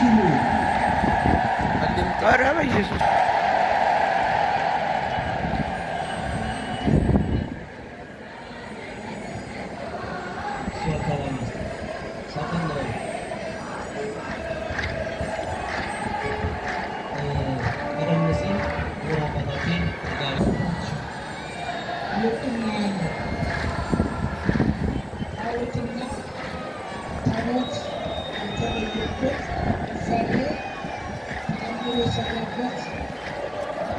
Почему? Аргентара есть. Thank you. ሳለ አንዱ የሰራበት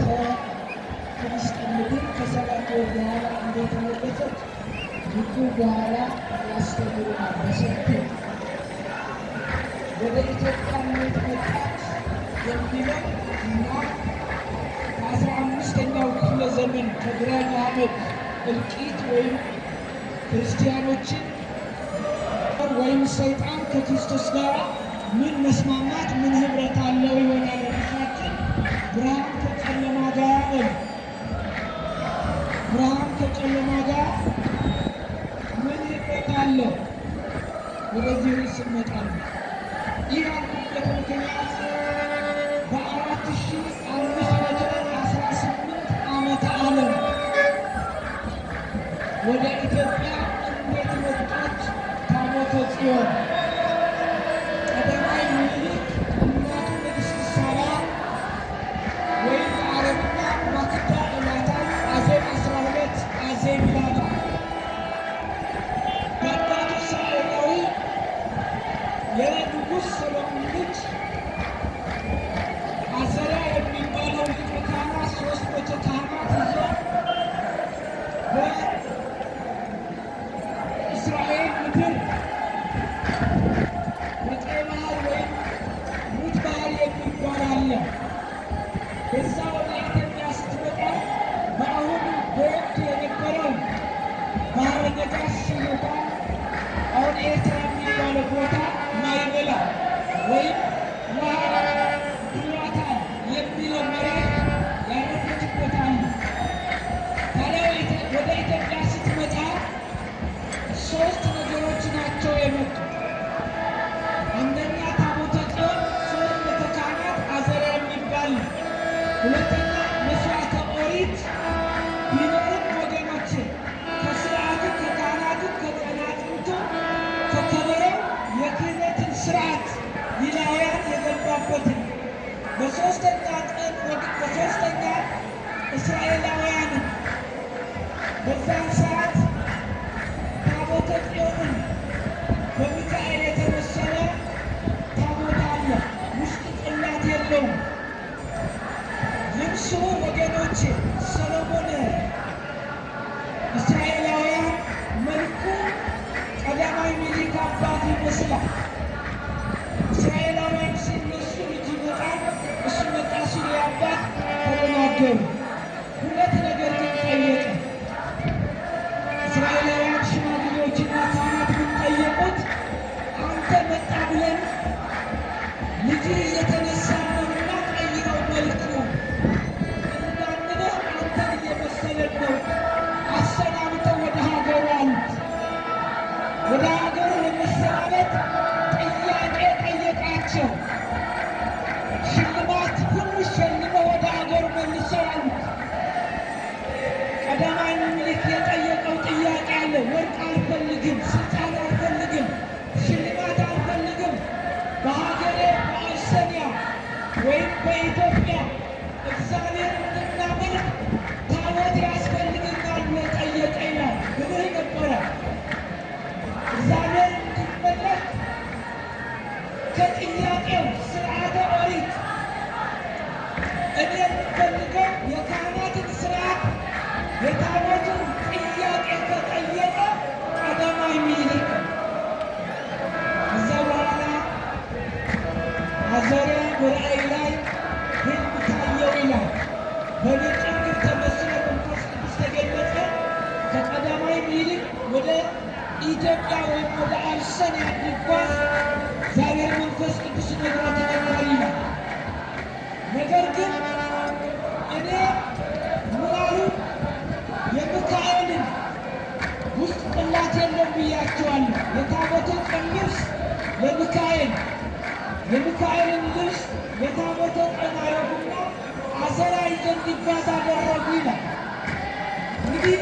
ከፍልስጥ ምግብ ከሰባት ወር በኋላ እንደተመለሰች ግቡ በኋላ ያስተምሩናል በሰፊው ወደ ኢትዮጵያ ነት መጣት የሚለው እና ከአስራ አምስተኛው ክፍለ ዘመን ከግራኝ አመት እልቂት ወይም ክርስቲያኖችን ወይም ሰይጣን ከክርስቶስ ጋር ምን መስማማት ምን ህብረት አለው ይሆናል ራሳችን ብርሃን ከጨለማ ጋር ብርሃን ከጨለማ ጋር ምን ህብረት አለው? ወደዚህ ውስጥ እንመጣለን። ይህ ያልኩበት ምክንያት በአራት ሺህ አምስት መቶ አስራ ስምንት ዓመተ ዓለም ወደ ኢትዮጵያ እንዴት መጣች ታቦተ ጽዮን? Let ወገኖች ሰሎሞን እስራኤላውያን መልኩ ቀዳማዊ ምኒልክ አባት ይመስላል። ወይም በኢትዮጵያ እግዚአብሔር እንድናመልክ ታቦት ያስፈልግናል ብሎ ጠየቀ ይላል። ግብር ነበረ እግዚአብሔር እንድንመለክ ከጥያቄው ስርዓተ ኦሪት እኔ የምፈልገው የካህናትን ስርዓት የታቦቱን ጥያቄ ከጠየቀ ቀዳማዊ ምኒልክ እዛ በኋላ አዘሪያ ጉራኤ ሚካኤልን ልጅ የታቦተ ቀን አረጉና አሰራ ይዘን ይባስ አደረጉ ይላል እንግዲህ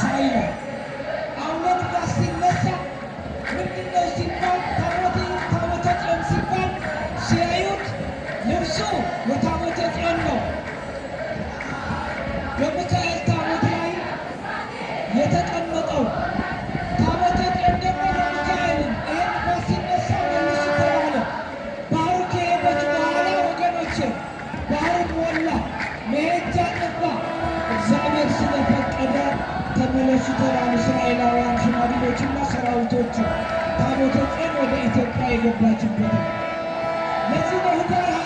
saia እስራኤላውያን ሽማግሌዎችና ሰራዊቶቹ ታቦተ ጽዮን ወደ ኢትዮጵያ የገባችበት ነው። ለዚህ ነው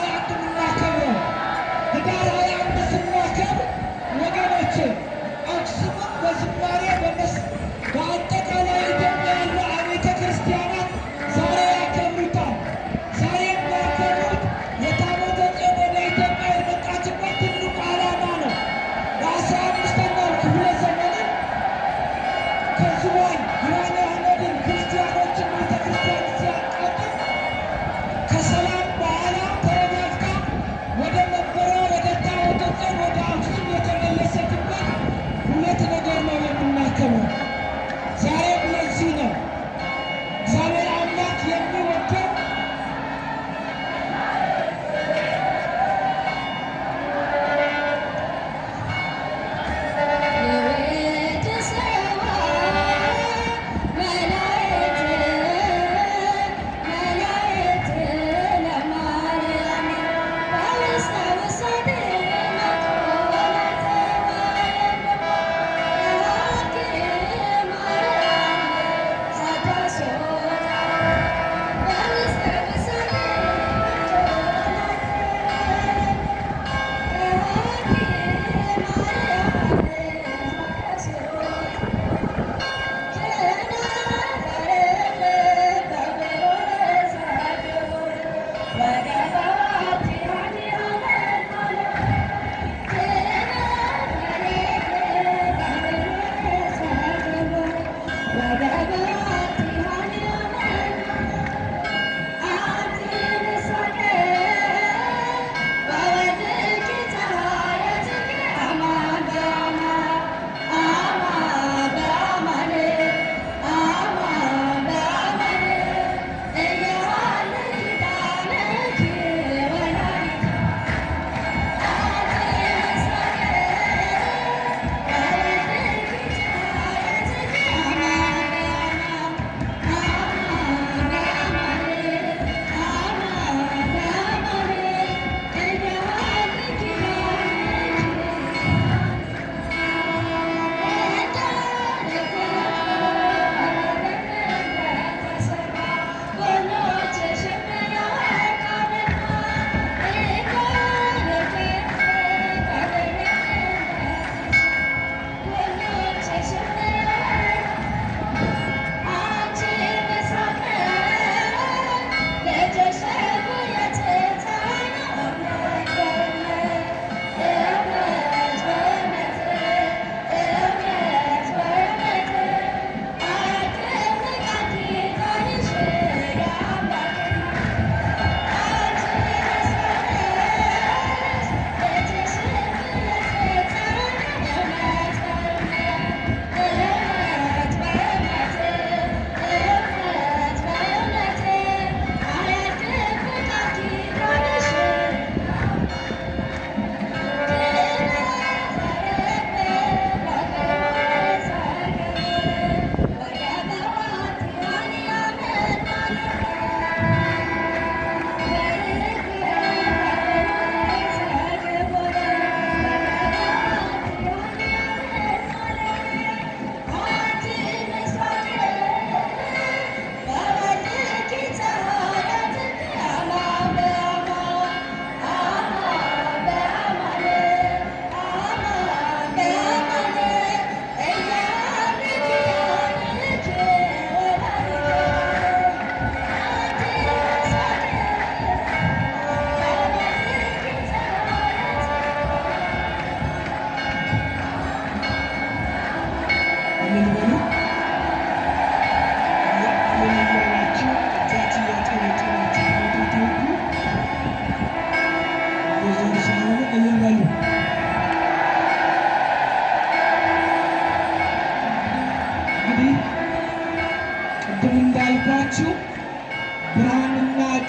Cause you won. You won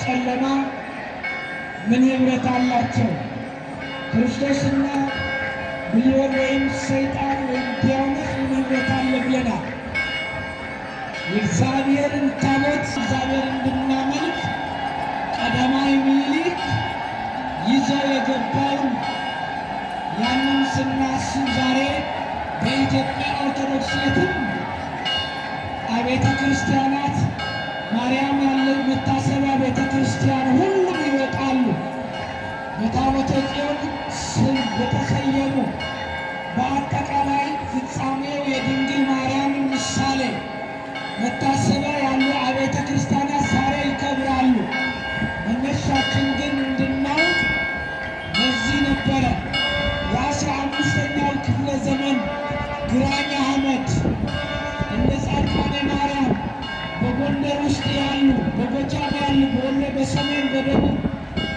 ጨለማ ምን ኅብረት አላቸው? ክርስቶስና ብሊዮን ወይም ሰይጣን ወይም ዲያብሎስ ምን ኅብረት አለ ብለናል። የእግዚአብሔርን ታቦት እግዚአብሔር እንድናመልክ ቀዳማዊ ምኒልክ ይዘው የገባውን ያንን ስናስብ ዛሬ በኢትዮጵያ ኦርቶዶክስ ቤትም አቤተ ክርስቲያናት ማርያም ያለው መታሰቢያ ቤተ ክርስቲያን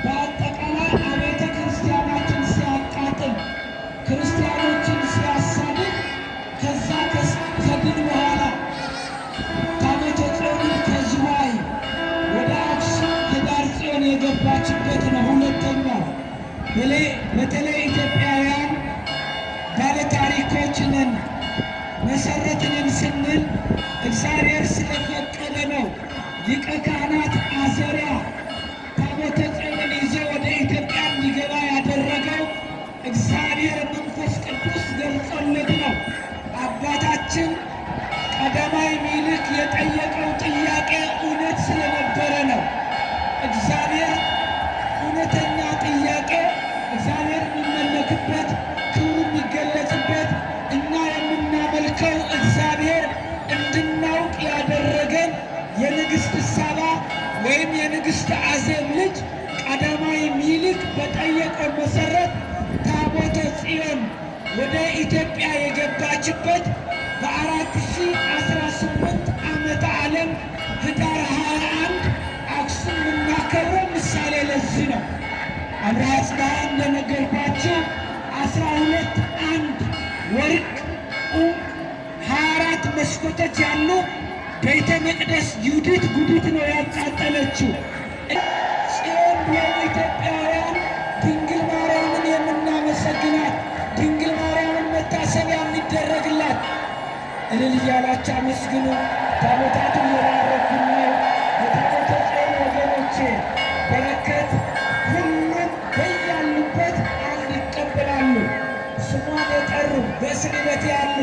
በአጠቃላይ አቤተ ክርስቲያናችን ሲያቃጥል ክርስቲያኖችን ሲያሳድድ ከዛ ከድል በኋላ ታቦተ ጽዮን ከዝዋይ ወደ አክሱም ህዳር ጽዮን የገባችበት ነው። ሁለተኛው በተለይ ኢትዮጵያውያን ባለ ታሪኮች ነን መሰረት ነን ስንል እግዚአብሔር ስለፈቀደ ነው። ሊቀ ካህናት አዘሪያ ቅዱስ ገልጾለት ነው። አባታችን ቀዳማዊ ምኒልክ የጠየቀው ጥያቄ እውነት ስለነበረ ነው። እግዚአብሔር እውነተኛ ጥያቄ እግዚአብሔር የሚመለክበት ክብሩ የሚገለጽበት እኛ የምናመልከው እግዚአብሔር እንድናውቅ ያደረገን የንግሥት ሳባ ወይም የንግሥት አዜብ ልጅ ቀዳማዊ ምኒልክ በጠየቀው መሰረት ታቦተ ጽዮን ወደ ኢትዮጵያ የገባችበት በአራት ሺህ አስራ ስምንት ዓመተ ዓለም ህዳር 21 አክሱም የምናከብረው ምሳሌ ለዚህ ነው። አብርሃ ጽባህ እንደነገርኳችሁ አስራ ሁለት አንድ ወርቅ ቁም ሀያ አራት መስኮቶች ያሉ ቤተ መቅደስ ዩዲት ጉዲት ነው ያቃጠለችው ጽዮን የኢትዮጵያውያን እያላችሁ አመስግኑ። ታቦታቱ እየባረኩኝ ነው። የታቦተ ጽዮን ወገኖቼ በረከት ሁሉም በያሉበት አንድ ይቀበላሉ። ስሟን የጠሩ በእስርበት ያሉ፣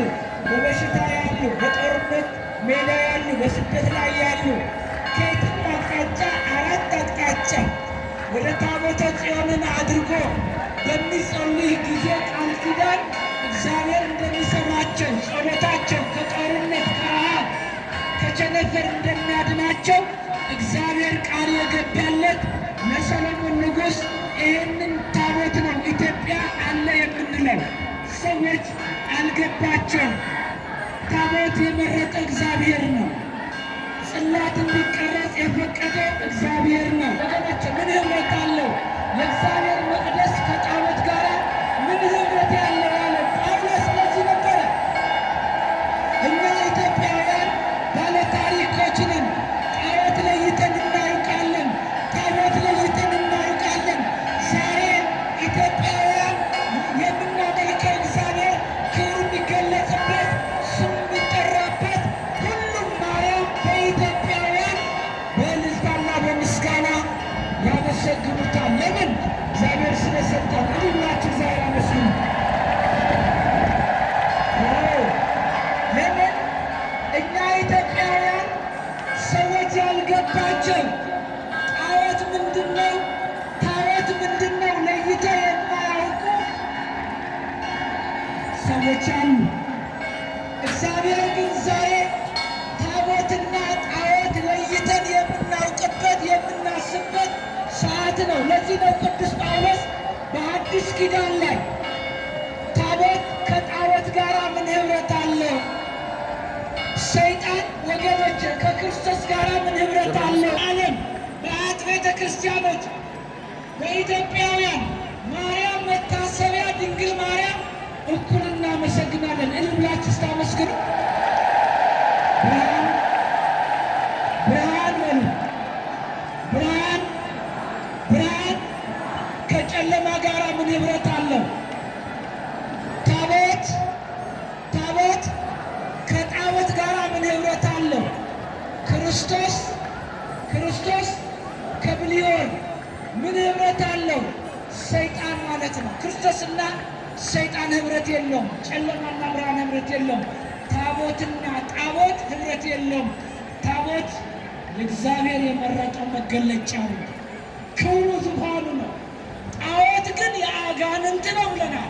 በበሽታ ያሉ፣ በጦርነት ሜዳ ያሉ፣ በስደት ላይ ያሉ ከየትም አቅጣጫ አራት አቅጣጫ ወደ ታቦተ ጽዮንን አድርጎ በሚጸልይ ጊዜ ቃል ኪዳን ነገር እንደሚያድናቸው እግዚአብሔር ቃል የገባለት ለሰሎሞን ንጉሥ ይህንን ታቦት ነው ኢትዮጵያ አለ የምንለው። ሰዎች አልገባቸውም። ታቦት የመረጠ እግዚአብሔር ነው። ጽላት እንዲቀረጽ የፈቀደ እግዚአብሔር ነው። ወገኖች ምን ህብረት አለው? የእግዚአብሔር መቅደስ ወገኖች ከክርስቶስ ጋር ምን ህብረት አለው? ዓለም በአጥቤተ ክርስቲያኖች በኢትዮጵያውያን ማርያም መታሰቢያ ድንግል ማርያም እኩል እናመሰግናለን። እልም ስታመስግኑ ማለት ነው። ክርስቶስና ሰይጣን ህብረት የለውም። ጨለማና ብርሃን ህብረት የለውም። ታቦትና ጣቦት ህብረት የለውም። ታቦት እግዚአብሔር የመረጠው መገለጫ ነው፣ ክብሩ ዙፋኑ ነው። ጣዖት ግን የአጋንንት ነው ብለናል።